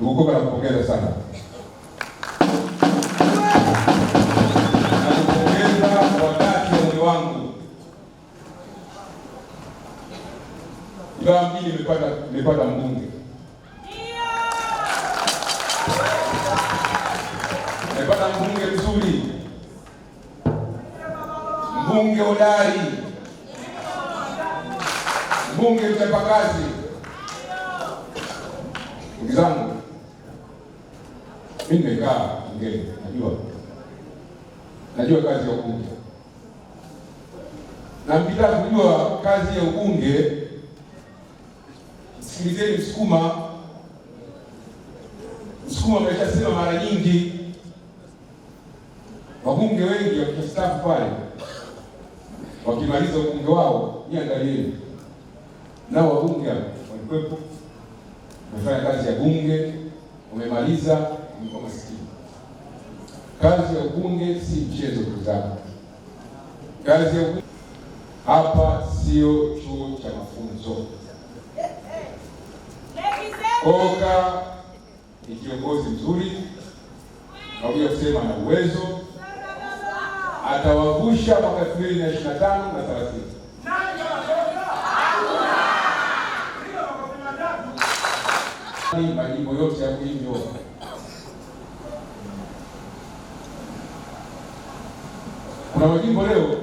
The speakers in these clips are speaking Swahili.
Ndugu Koba, nakupongeza sana, nakupongeza wangu. Ilala mjini nimepata nimepata mbunge, nimepata mbunge mzuri, mbunge hodari, mbunge mchapakazi. Ndugu zangu mi nimekaa ngeni, najua najua kazi ya ubunge na mpita kujua kazi ya ubunge. Msikilizeni Msukuma. Msukuma ameshasema mara nyingi, wabunge wengi wakistaafu pale, wakimaliza ubunge wao, niangalieni nao wabunge walikuwepo, wamefanya kazi ya bunge, wamemaliza kwa maskini. Kazi ya ubunge si mchezo kuzana. Kazi ya ubunge hapa sio chuo cha mafunzo. Koka ni kiongozi mzuri, nakuja kusema na uwezo, atawavusha mwaka elfu mbili na ishirini na tano na thelathini majimbo yote ya hivyo Kuna majimbo leo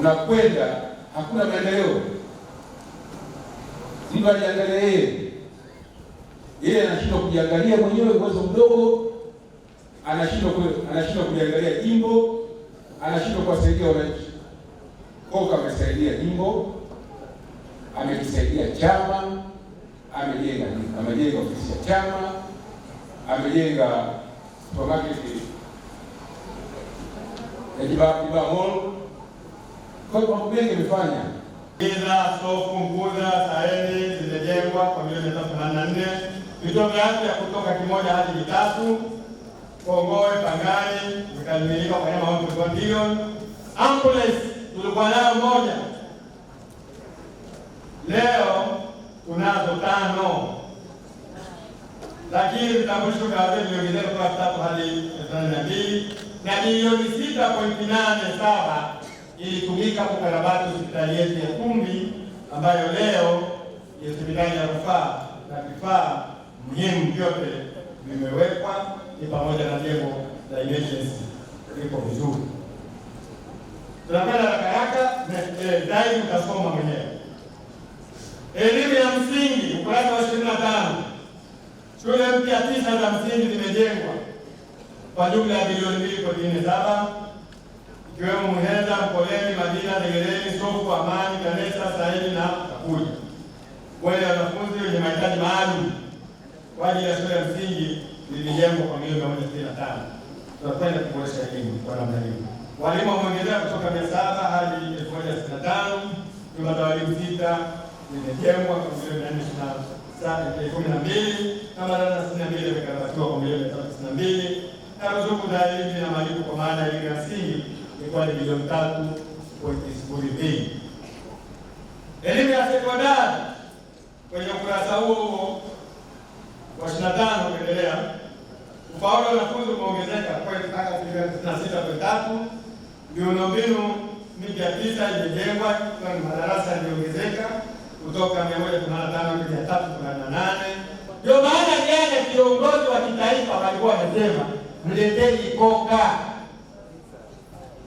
unakwenda hakuna maendeleo, mtu ajiangalia yeye, yeye anashindwa kujiangalia mwenyewe, uwezo mdogo, anashindwa anashindwa kujiangalia jimbo, anashindwa kuwasaidia wananchi. Koka amesaidia jimbo, amekisaidia chama, amejenga amejenga ofisi ya chama, amejenga supermarket Eh, Kibamon. Kwa hiyo mambo mengi imefanya iza sofu nguza saeni zimejengwa kwa milioni mia tatu themanini na nne vituo vya afya kutoka kimoja hadi vitatu Kongoe, Pangani vikamilika kwa nyama watu bilioni. Ambulance tulikuwa nayo moja, leo tunazo tano, lakini vitambulisho vya wazee viliongezeka kutoka vitatu hadi thelathini na mbili na milioni saba ilitumika kukarabati hospitali yetu ya Tumbi ambayo leo ni hospitali ya rufaa na vifaa muhimu vyote vimewekwa, ni pamoja na jengo la emergency liko vizuri. Tunakwenda haraka eh, dai, utasoma mwenyewe. Elimu ya msingi ukurasa wa tano, shule mpya tisa za msingi zimejengwa kwa jumla ya bilioni mbili kotini saba ikiwemo Muheza, Mkoleni, Madina, Degereni, Sofu, Amani, Kanesa, Saini na Kakuja wale wanafunzi wenye mahitaji maalum kwa ajili ya shule ya msingi lilijengwa kwa milioni mia moja sitini na tano. Tunapenda kuboresha elimu kwa namna hiyo. Walimu wameongezea kutoka mia saba hadi elfu moja sitini na tano. Vyumba vya walimu sita zimejengwa kwa milioni mia nne na kumi na mbili na madarasa sitini na mbili yamekarabatiwa kwa milioni mia tatu sitini na mbili na ruzuku zaidi na malipo kwa maana ya msingi ilikuwa ni bilioni tatu pointi sifuri mbili. Elimu ya sekondari kwenye ukurasa huo wa ishirini na tano kuendelea, ufaulu wa wanafunzi umeongezeka mpaka asilimia tisini na sita pointi tatu. Miundombinu mipya tisa imejengwa kwa madarasa yaliongezeka kutoka mia moja themanini na tano hadi mia tatu themanini na nane. Ndio maana jana yaani viongozi wa kitaifa walikuwa wamesema mleteni koka.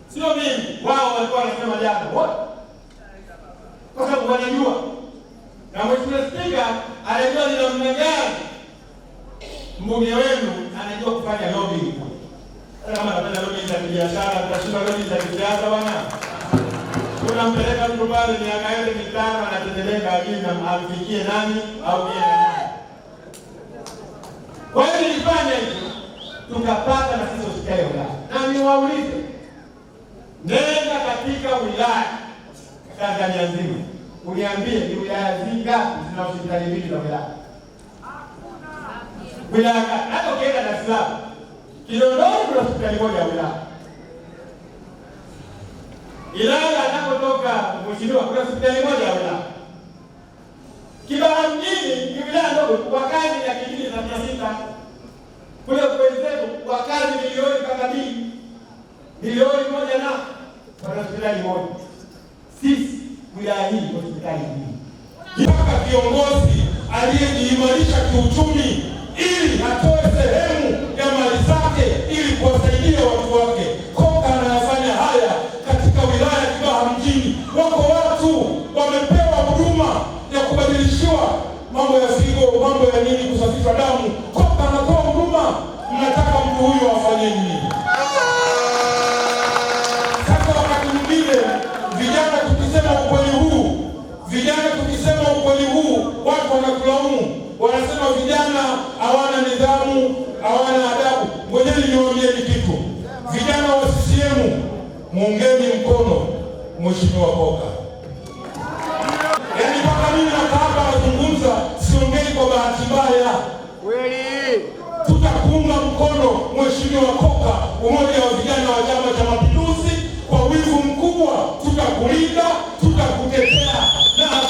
Sio mimi, wao walikuwa wanasema jana wote, kwa sababu wanajua, na mheshimiwa Spika anajua ni namna gani mbunge wenu anajua kufanya lobby, Kama anapenda lobby za kibiashara, mtashinda lobby za kisiasa bwana. Unampeleka mtu pale miaka yote mitano anatendeleka ajili na amfikie nani au yeye. Kwa hiyo nilifanya hivi tukapata na sisi hospitali ya wilaya. Na niwaulize, nenda katika wilaya Tanzania nzima uniambie ni wilaya zingapi zina hospitali mbili za wilaya? Wilaya hata ukienda Dar es Salaam, Kinondoni kuna hospitali moja ya wilaya. Ilala anapotoka mheshimiwa kuna hospitali moja ya wilaya. Kibaha mjini ni wilaya ndogo wakazi ya kijiji za sita wakazi milioni kama mbili milioni moja na wana moja, sisi wilaya hii hospitali hii, mpaka viongozi aliyejiimarisha kiuchumi ili atoe sehemu ya mali zake ili kuwasaidia watu wake. Koka anayafanya haya katika wilaya ya Kibaha mjini. Wako watu wamepewa huduma ya kubadilishiwa mambo ya figo, mambo ya nini, kusafishwa damu mnataka mtu huyu afanye nini? Sasa wakati mwingine vijana tukisema ukweli huu, vijana tukisema ukweli huu, watu wanatulaumu, wanasema vijana hawana nidhamu, hawana adabu. Mwenyewe niwaambieni kitu, vijana wa CCM muungeni mkono Mheshimiwa Koka. Yaani mpaka mimi na kahaba siongei kwa bahati mbaya. Kweli tutakuunga mkono Mheshimiwa Koka, umoja wa vijana wa Chama cha Mapinduzi, kwa wivu mkubwa tutakulinda, tutakutetea na